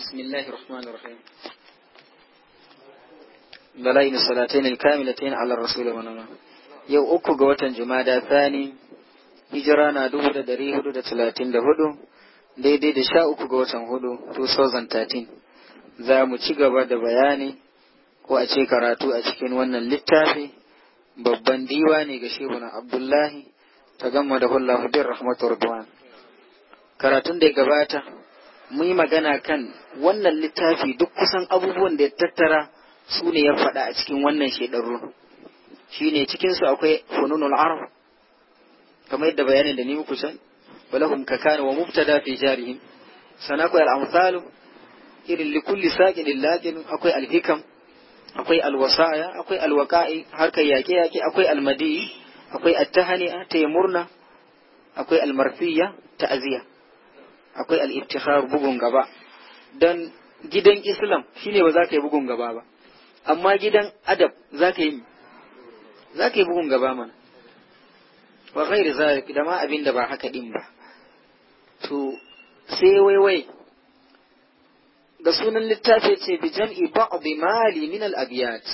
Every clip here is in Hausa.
بسم الله الرحمن الرحيم بلين الصلاتين الكاملتين على الرسول ونما يو أكو قوة جمادى ثاني هجرانا دو دا دري هدو دا تلاتين دا هدو دي دي دا شاء أكو قوة هدو 2013 za mu ci gaba da bayani ko a ce karatu a cikin wannan littafi babban diwa ne ga shehuna abdullahi ta gama da hullahu bin rahmatu karatun da ya gabata mun yi magana kan wannan littafi duk kusan abubuwan da ya tattara su ne ya faɗa a cikin wannan shaidarru shi ne cikinsu akwai fununul arab kamar yadda bayanin da ni muku san balahum kakana wa mubtada fi jarihim sana akwai al'amsalu irin likulli saƙin laƙin akwai alhikam akwai alwasaya akwai alwaƙa'i harkar yaƙe-yaƙe akwai almadiyi akwai attahani ta murna akwai almarfiya ta'aziyya akwai al-iftikhar bugun gaba dan gidan islam shine ba za ka yi bugun gaba ba amma gidan adab za ka yi za ka yi bugun gaba mana wa ghairi zalik da ma abin da ba haka din ba to sai waiwai ga sunan littafi ce bi jam'i ba'd mali min al abyat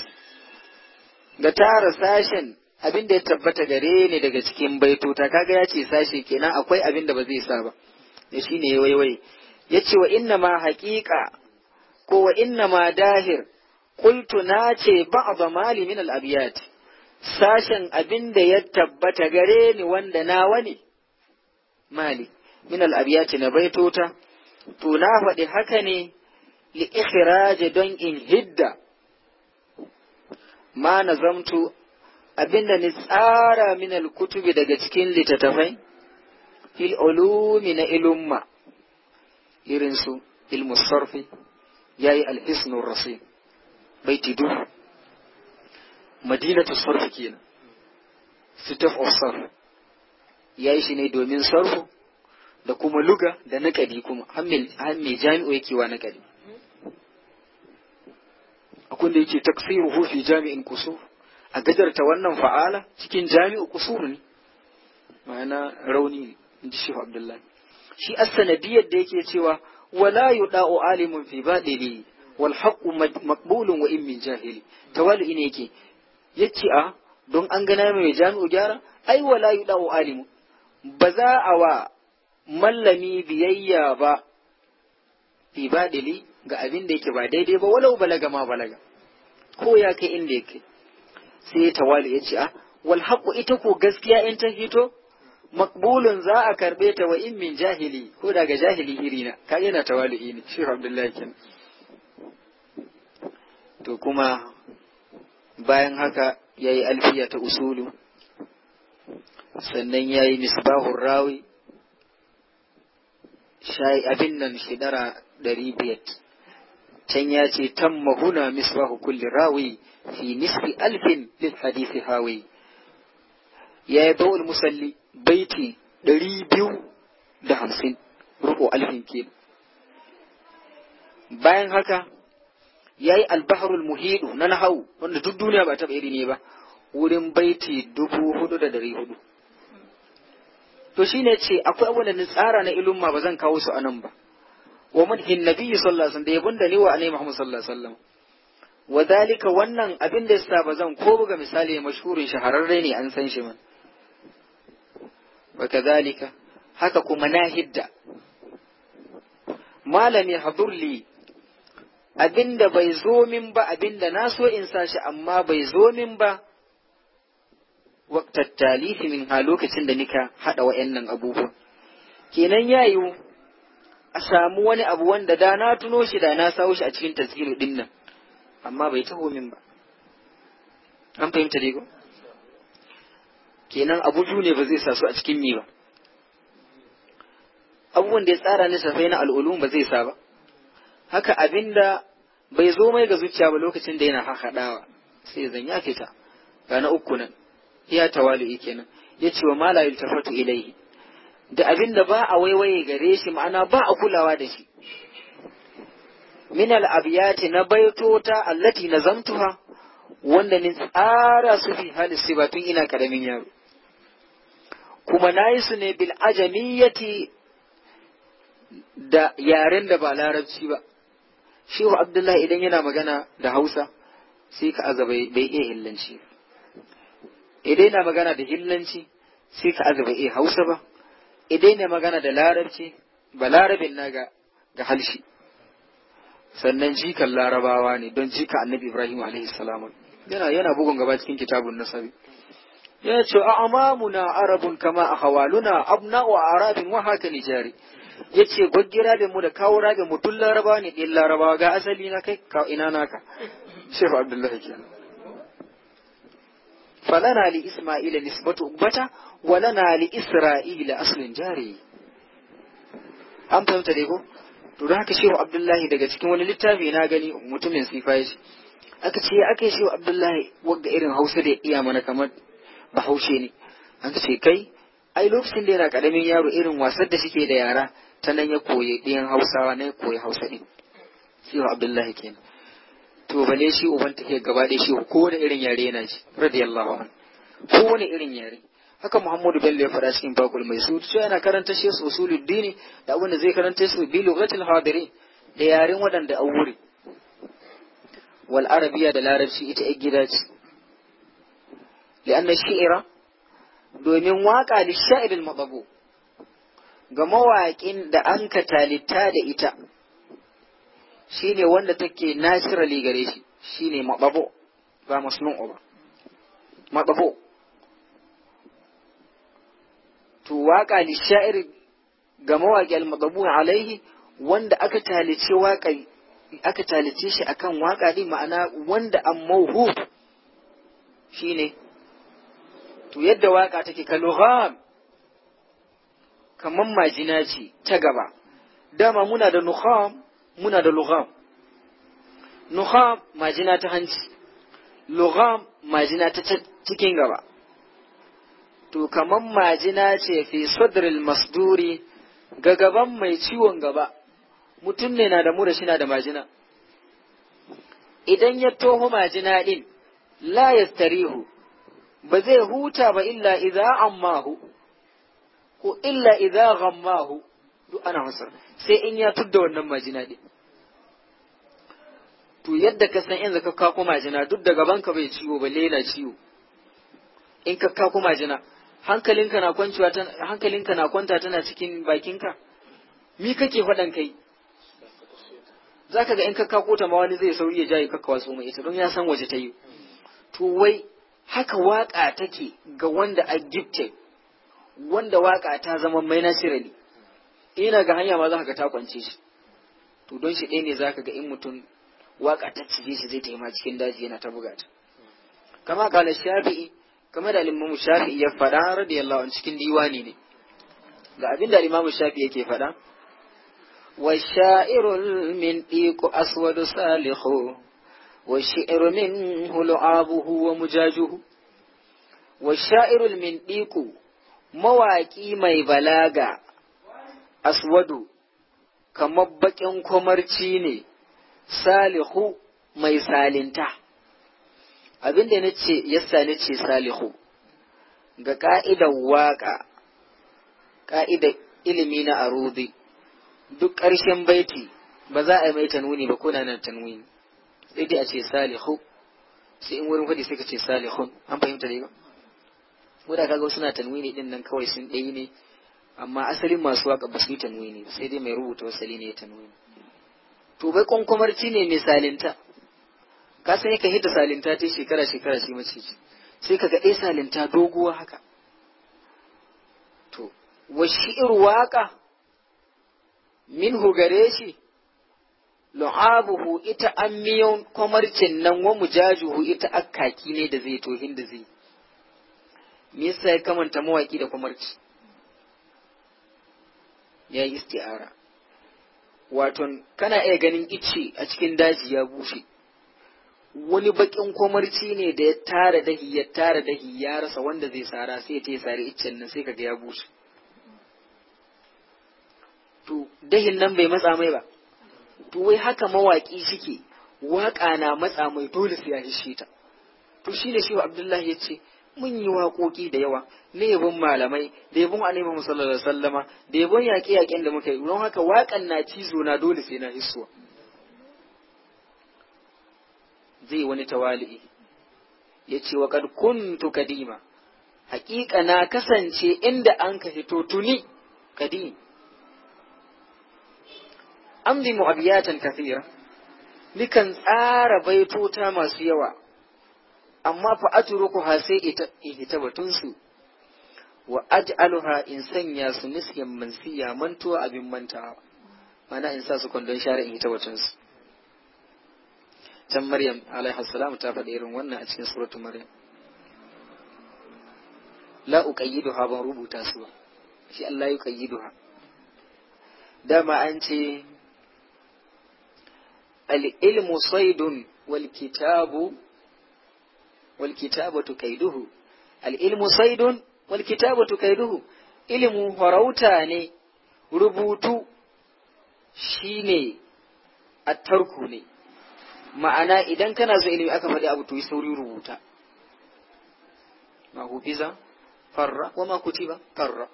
ga tara sashen abin da ya tabbata gare ne daga cikin baitota kaga ya ce sashe kenan akwai abin da ba zai sa ba ne shi ne waiwai ya ce wa inna ma haƙiƙa ko wa inna ma dahir kultu na ce ba a mali min al'abiyat sashen abin da ya tabbata gare ni wanda na wani mali min al'abiyat na baitota to na faɗi haka ne li don in hidda ma na abin da ni tsara min kutubi daga cikin littattafai fil ulumi na ilumma irin su ilmu sarfi yi alhisnur rasim bai duhu madinatu sarfi kenan stuff of sarf yi shi ne domin sarfu da kuma luga da naƙadi kuma har mai jami'o yake wa naƙadi akwai da yake taksiru hufi jami'in kusur a gajarta wannan fa'ala cikin jami'u kusur ne ma'ana rauni ne in ji Abdullahi shi as-sanadiyyar da yake cewa wala yuda'u alimun fi badili wal haqqu maqbulun wa in min jahili tawali ine yake yace a ah, don an gana mai jami'u gyara ai wala yuda'u alimu ba za a wa mallami biyayya ba fi badili ga abin da yake ba daidai ba walau balaga ma balaga ko ya kai inda yake sai ya tawali yace a ah, wal haqqu ita ko gaskiya in ta hito maqbulun za a karbe ta wa in min jahili ko daga jahili irina ka yana tawali'i ne shi abdullahi kin to kuma bayan haka ya yi alfiya ta usulu sannan ya yayi misbahun rawi shayi abin nan shidara ɗari biyar can ya ce tamma huna misbahu kulli rawi fi nisfi alfin lil hadisi hawi ya yi musalli baiti ɗari biyu da hamsin ruko alfin ke bayan haka ya yi albaharul muhidu na nahau wanda duk duniya ba taɓa iri ne ba wurin baiti dubu hudu da dari hudu to shi ne ce akwai abin da tsara na ilumma ba zan kawo su anan ba wa madhin nabiyyi sallallahu alaihi wasallam da yabon da ni wa annabi Muhammad sallallahu alaihi wasallam wa dalika wannan abin da yasa ba zan ko buga misali mashhurin shahararre ne an san shi man wa kazalika haka kuma na hidda malami hadurli abinda bai zo min ba abinda na so in sashi amma bai zo min ba waktar talifi min ha lokacin da nika haɗa wa'annan abubuwan kenan ya yiwu a samu wani abu wanda da na tuno shi da na sawo shi a cikin tasiri ɗin nan amma bai taho min ba an fahimta dai kenan abu biyu ne ba zai sa su a cikin mi ba abubuwan da ya tsara ni safai na al’ulun ba zai sa ba haka abinda bai zo mai ga zuciya ba lokacin da yana haɗawa sai zan ya fita ga na uku nan iya tawali kenan ya ce wa ma la da abin da ba a waiwaye gare shi ma'ana ba a kulawa da shi Minal abiyati na baitota allati na zamtuha wanda ni tsara su fi hali sibatun ina karamin yaro kuma na yi su ne bil ajamiyyati da yaren da ba larabci ba shehu abdullahi idan yana magana da hausa sai ka azaba bai iya hillanci idan yana magana da hillanci sai ka azaba iya hausa ba idan yana magana da larabci ba larabin na ga ga halshi sannan jikan larabawa ne don jika annabi ibrahim alaihi salam yana yana bugun gaba cikin kitabun nasabi ya ce a amamuna arabun kama a hawaluna abna wa arabin wa haka nijari ya ce gwaggera da mu da kawo rabe mu duk laraba ne ɗin laraba ga asali na kai ka ina naka shef abdullahi kenan falana li isma'ila nisbatu ubbata walana li isra'ila aslin jari an fahimta dai ko to da haka shehu abdullahi daga cikin wani littafi na gani mutumin sifa ya ce aka ce aka yi wa abdullahi wagga irin hausa da iya mana kamar bahaushe ne an ce kai ai lokacin da yana karamin yaro irin wasar da suke da yara ta nan ya koyi ɗiyan hausawa na ya koyi hausa ɗin wa abdullahi kenan to bale shi uban ke gaba ɗaya shi kowane irin yare yana ji radiyallahu anhu kowane irin yare haka Muhammadu Bello ya faɗa cikin bakul mai su cewa yana karanta shi su usulul dini da abin da zai karanta su bi lughatil hadiri da yaren waɗanda an wuri wal arabiya da larabci ita ai gida ce لأن الشعر domin waƙa da sha'irin matsago ga mawaƙin da an ka talita da ita shi ne wanda take nasirali gare shi shi ne maɓaɓo to waƙa da sha'ir ga mawaƙi al-maɓaɓo alaihi wanda aka talice waƙa aka talice shi akan waƙa ne ma'ana wanda an mauhu shi ne to yadda waka take ka lugham kamar majina ce ta gaba dama muna da nuham muna da lugham nuham majina ta hanci lugham majina ta cikin gaba to kamar majina ce fi sadril masduri ga gaban mai ciwon gaba mutum ne na da mura shi na da majina idan ya toho majina din la yastarihu ba zai huta ba illa idza ammahu ko illa idza ghammahu duk ana masa sai in ya tudda wannan majina din to yadda ka san zaka ka kuma majina duk da gaban ka bai ciwo ba lela ciwo in ka kuma majina hankalinka na kwanciwa hankalinka na kwanta tana cikin bakinka mi kake fadan kai zaka ga in ka kako ta ma wani zai sauri ya jaye kakkawa su mai ita don ya san waje ta yi to wai haka waka take ga wanda a gifte wanda waka ta zama mai ne ina ga hanya ma za ka ta shi to don shi ɗaya ne za ka ga in mutum waka ta cije shi zai taima cikin daji yana ta buga ta kama kala shafi'i kama da limamu shafi'i ya faɗa radiyallahu an cikin diwani ne ga abin da limamu shafi'i yake faɗa wa sha'irul min ɗiku aswadu salihu والشعر منه لعابه ومجاجه والشاعر المنديق مواكي مي بلاغا أسود kamar baƙin kwamarci ne salihu mai salinta abinda na ce yasa ce salihu ga ƙa'idar waƙa ƙa'idar ilimi na arubi duk ƙarshen baiti ba za a yi mai tanwini ba ko na nan tanwini sai dai a ce salihu sai in wurin faɗi sai ka ce salihun an fahimta dai ba wanda da kaga suna tanwini din nan kawai sun ɗaya ne amma asalin masu waka ba su yi tanwini sai dai mai rubuta wasali ne ya tanwini to bai kwankwamarci ne mai salinta ka san ka hita salinta ta shekara shekara shi mace ce sai kaga ɗaya eh, salinta doguwa haka to wa shi'ir waka min gare shi lu'abuhu ita an miyan kwamarcin nan wa mujajuhu ita akkaki ne da zai tohin da zai me yasa ya kamanta mawaki da kwamarci ya yi isti'ara waton kana iya ganin ice a cikin daji ya bushe wani bakin kwamarci ne da ya tara dahi ya tara dahi ya rasa wanda zai sara sai ta yi sare iccen nan sai kaga ya bushe to dahin nan bai matsa mai ba to wai haka mawaƙi shike waƙa na matsa mai dole sai ya ta to ne shehu abdullahi ya ce mun yi waƙoƙi da yawa na yabon malamai da yabon annabi sallallahu alaihi sallama da yabon yaƙe-yaƙen da muka yi don haka waƙan na cizo na dole sai na hisuwa zai wani tawali'i ya ce wa kuntu kadima haƙiƙa na kasance inda an ka hito tuni kadim amdimu abiyatan kathira nikan tsara baitota masu yawa amma fa ha sai ita batun su wa aj'aluha in sanya su nisyan mansiya mantuwa abin mantawa mana in sa su kwandon share in ita batun su can maryam alaihi salam ta faɗi irin wannan a cikin suratul maryam la uqayyiduha ban rubuta su ba shi Allah ya uqayyiduha dama an ce al'ilmu saidun walkitabu walkitabatu kaiduhu al'ilmu saidun walkitabatu tukaiduhu, ilimu farauta ne rubutu shi ne a tarku ne ma'ana idan kana zo ilimi aka faɗi abu to yi sauri rubuta ma hufiza farra wa ma kutiba farra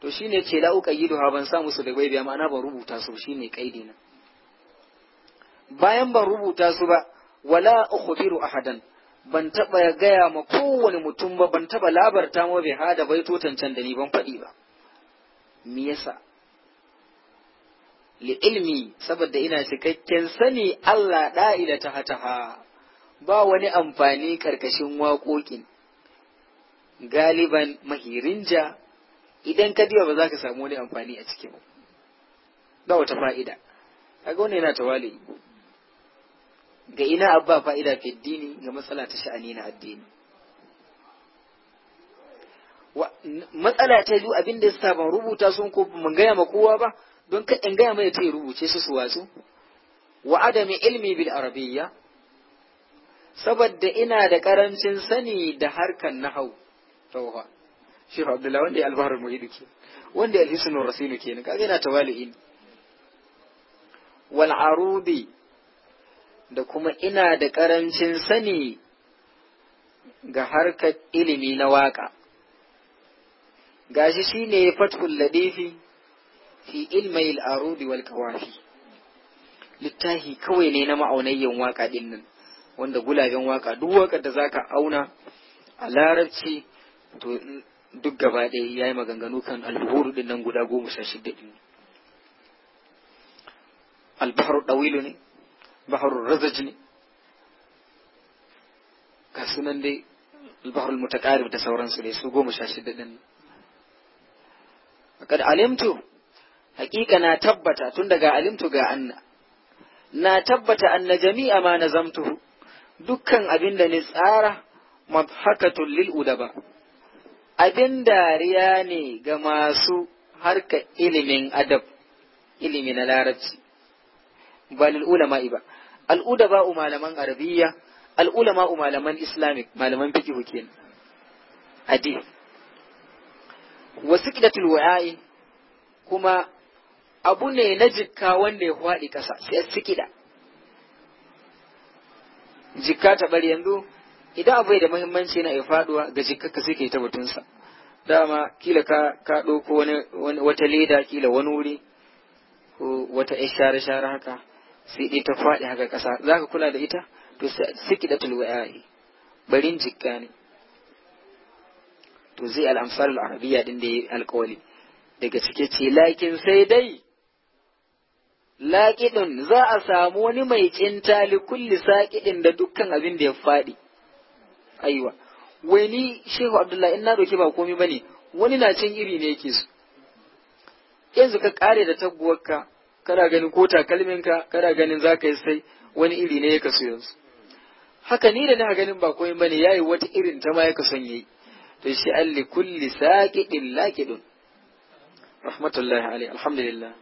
to shine ce la uqayyidu ha ban sa musu da baibiya ma'ana ban rubuta su shine kaidi na bayan ban rubuta su ba wala ukhbiru ahadan ban taba gaya ma kowane mutum ba ban taba labarta ma bai hada baito tantan da ni ban faɗi ba me yasa li ilmi saboda ina cikakken sani Allah da'ila ta hataha ba wani amfani karkashin waƙoƙin galiban mahirinja idan ka diba ba za ka samu wani amfani a ciki ba wata fa'ida kaga wannan yana tawali ga ina abba fa'ida fi dini ga matsala ta sha'ani na addini matsala ta biyu abin da yasa ban rubuta sun ko mun gaya ma kowa ba don ka in gaya mai ta rubuce su su wasu wa adami ilmi bil arabiyya saboda ina da karancin sani da harkan nahau tauha. shi Abdullahi wanda ya albahar muhidu ke wanda ya alhisnu rasulu kenan kaga yana tawali'in wal arubi da kuma ina da ƙarancin sani ga harkar ilimi na waƙa. Gashi shi ne fatkul ladifi fi ilmai al'arudi wal kawafi. Littahi kawai ne na ma'aunayyan waƙa ɗin nan, wanda gulaben waƙa duk waƙa da za ka auna a larabci to duk gaba ɗaya ya yi maganganu kan al'uhuru ɗin nan guda goma sha shidda ɗin. Albaharu ɗawilu ne, baharul razaj ne ga sunan dai baharul mutaqarib da sauransu ne su goma sha shida din Kada alimtu Hakika na tabbata tun daga alimtu ga anna na tabbata anna jami'a ma na nazamtuhu dukkan abin da ni tsara madhakatun lil udaba abin dariya ne ga masu harka ilimin adab ilimi na larabci ba lil ulama'i ba al udaba malaman Arabiya, al ulama malaman islamic malaman fiqh kenan hadith wasiqatul wa'i kuma abu ne na jikka wanda ya fadi kasa sai sikida jikka ta bari yanzu idan abu da muhimmanci na ya faduwa ga jikka suke ke ta mutunsa dama kila ka ka ɗauko wani wata leda kila wani wuri ko wata ƴar share share haka sai dai ta faɗi haka kasa za ka kula da ita to siki da tulwa'i barin jikka ne to zai al'amsar al'arabiya din da ya alƙawali daga cike ce lakin sai dai laƙiɗin za a samu wani mai cinta kulli saƙiɗin da dukkan abin da ya faɗi aiwa wai ni shehu abdullahi in na ba komai bane wani na cin iri ne yake su yanzu ka kare da taguwarka kana ganin ko ka kana ganin za yi sai wani iri ne ya kaso yanzu haka ni da na ganin ba komai bane yayi wata irin ta ma ya kason yayi to shi alli kulli saqiqin laqidun rahmatullahi alaihi alhamdulillah